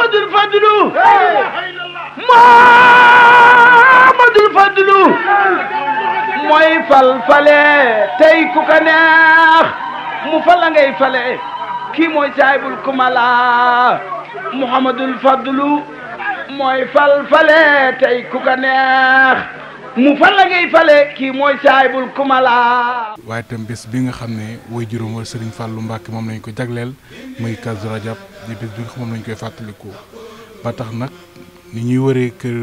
Muhammadul Fadlu Muhammadul Fadlu tey ku ko mu fal la ngay fale kii mooy kumala Muhammadul Fadlu mooy tey ku ko mu fan la ngay fale kii mooy saahibul kumala waaye itam bés bi nga xam ne woy juróom wa sëriñ Fàllu Mbàkke moom lañ ko jagleel muy Kazu Rajab di bés bi xam moom lañ koy fàttaliku ba tax nag ni ñuy waree kër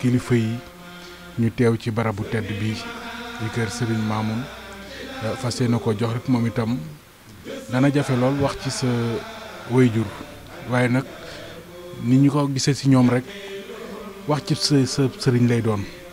kilifa yi ñu teew ci barabu tedd bii di kër sëriñ Maamun eh, fas yéene ko jox rek moom itam dana jafe lool wax ci sa woy jur waaye nag ni ñu ko gisee si ñoom rek wax ci sëriñ lay doon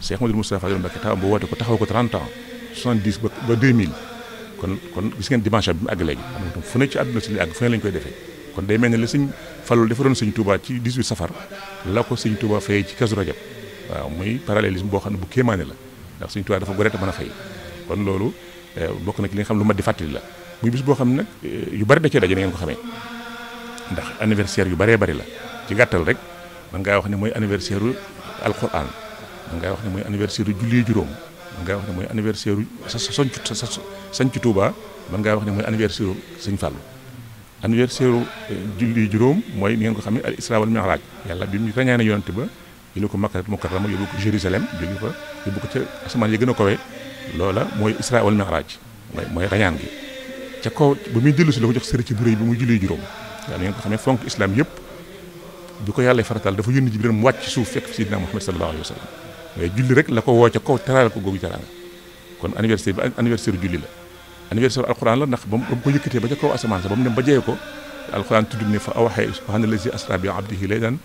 Cheikh Modou Moustapha Yoro Mbacké taawam bu woote ko taxaw ko 30 ans 70 ba ba 2000 kon kon gis ngeen dimension bi mu àgg léegi xam nga tam fu ne ci àdduna si li àgg fu koy defee kon day mel ne la sëñ Fallu dafa doon sëñ Touba ci 18 safar la ko sëñ Touba fayee ci Kazu Rajab waaw muy parallélisme boo xam ne bu kéemaane la ndax sëñ Touba dafa gore te mën a fay kon loolu eh, bokk na li xam lu mat di fàttali la muy bis boo xam ne nag eh, yu bari da cee daje na ngeen ko xamee ndax anniversaire yu baree bari la ci gàttal rek man ngaa wax ne mooy anniversaire u alquran man ngay wax ne mooy anniversaire julli juróom man ngay wax ne mooy anniversaire sa sa sa sañ ci man ngay wax ne mooy anniversaire sëñ Fallou anniversaire julli juróom mooy ni ngeen ko xam ne al isra wal mi'raj yàlla bi mu ràññaa ne yonante ba yóbbu ko Makka Mukarrama yóbbu ko Jérusalem jóge fa yóbbu ko ca asamaan yi gën a kawe loola mooy isra mooy mooy rañaan gi ca kaw ba muy dellu si la ko jox sëri bi muy julli juróom yàlla ngeen ko fonk islam yëpp bi ko yàlla faratal dafa yónni Jibril mu wàcc suuf fekk Seydina Muhammad sallallahu alayhi wa sallam waaye julli rek la ko woo ca kaw teraal ko googu teraanga kon anniversaire bi anniversaire julli la anniversaire alxuraan la ndax ba mu ko yëkkatee ba ca kaw asamaan sa ba mu dem ba jeyee ko alxuraan tudd ne fa awaxee subhaana lazi asra bi abdihi laylan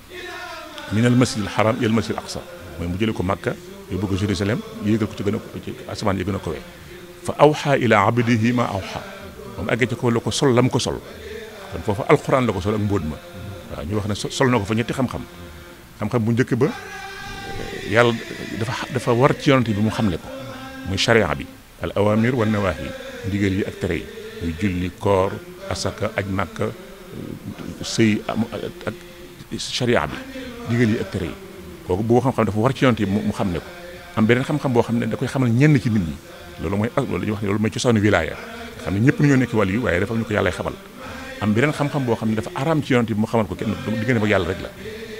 min al masjid al haram ila al masjid al aqsa mooy mu jële ko Makka yóbbu ko a ci asamaan yi gën a kowee fa awxa ila àggee ca kaw la ko sol lam ko sol kon foofa alxuraan la ko sol ak mbóot ma waaw ñu wax ne sol na ko fa ñetti xam-xam xam-xam bu jëkk ba yàlla dafa dafa war ci yonent bi mu xam ne ko muy charia bi al awamir wa nawahi ndigal yi ak tere yi muy julli koor asaka aj màkka sëy ak charia bi ndigal yi ak tere yi kooku boo xam-xam dafa war ci yonent bi mu xam ne ko am beneen xam-xam boo xam ne da koy xamal ñenn ci nit ñi loolu mooy loolu la ñëpp ñoo nekk wàll waaye dafa am ñu ko yàllay xam-xam boo xam ne dafa araam ci yonent bi mu xamal ko kenn diggante ak yàlla rek la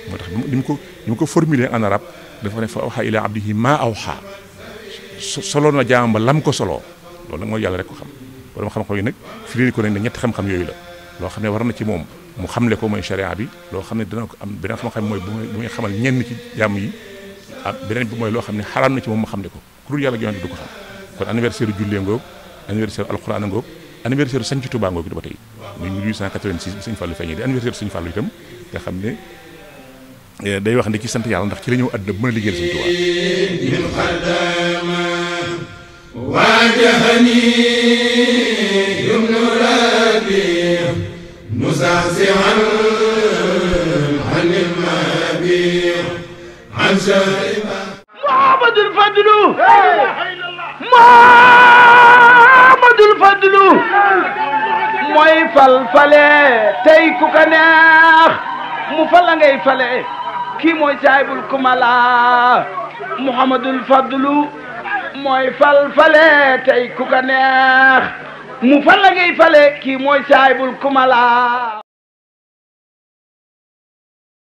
moo tax ni mu ko ni mu ko formuler en arabe dafa ne fa awxa ila abdihi maa awxa solo na jaam ba lam ko soloo loolu nag mooy yàlla rek ko xam borom xam-xam yi nag ko nañ ne ñetti xam-xam yooyu la loo xam ne war na ci moom mu xamle ko mooy charia bi loo xam ne dana ko am beneen xam-xam mooy bu muy xamal ñenn ci jàmm yi ak beneen bi mooy loo xam ne xaraam na ci moom mu xamle ko yàlla yonent du ko xam kon anniversaire jullee ngoog anniversaire alquran ngoog anniversaire sañ ci Tuubaa ngoog ba nga xam ne Eh, day wax ne ki sant yàlla ndax ci la ñëw àdduna bu mën a liggéeyal Sëriñ Tuubaa min xadama waajahani yumnu rabbi musaasihan anil mabi an shariba muhammadul fadlu muhammadul fadlu mooy fal fale tey ku ko neex mu fal la ngay fale kii mooy saahibul kumala muhammadul fadlu mooy fal fale tey ku ko mu fan la fale kii mooy saahibul kumala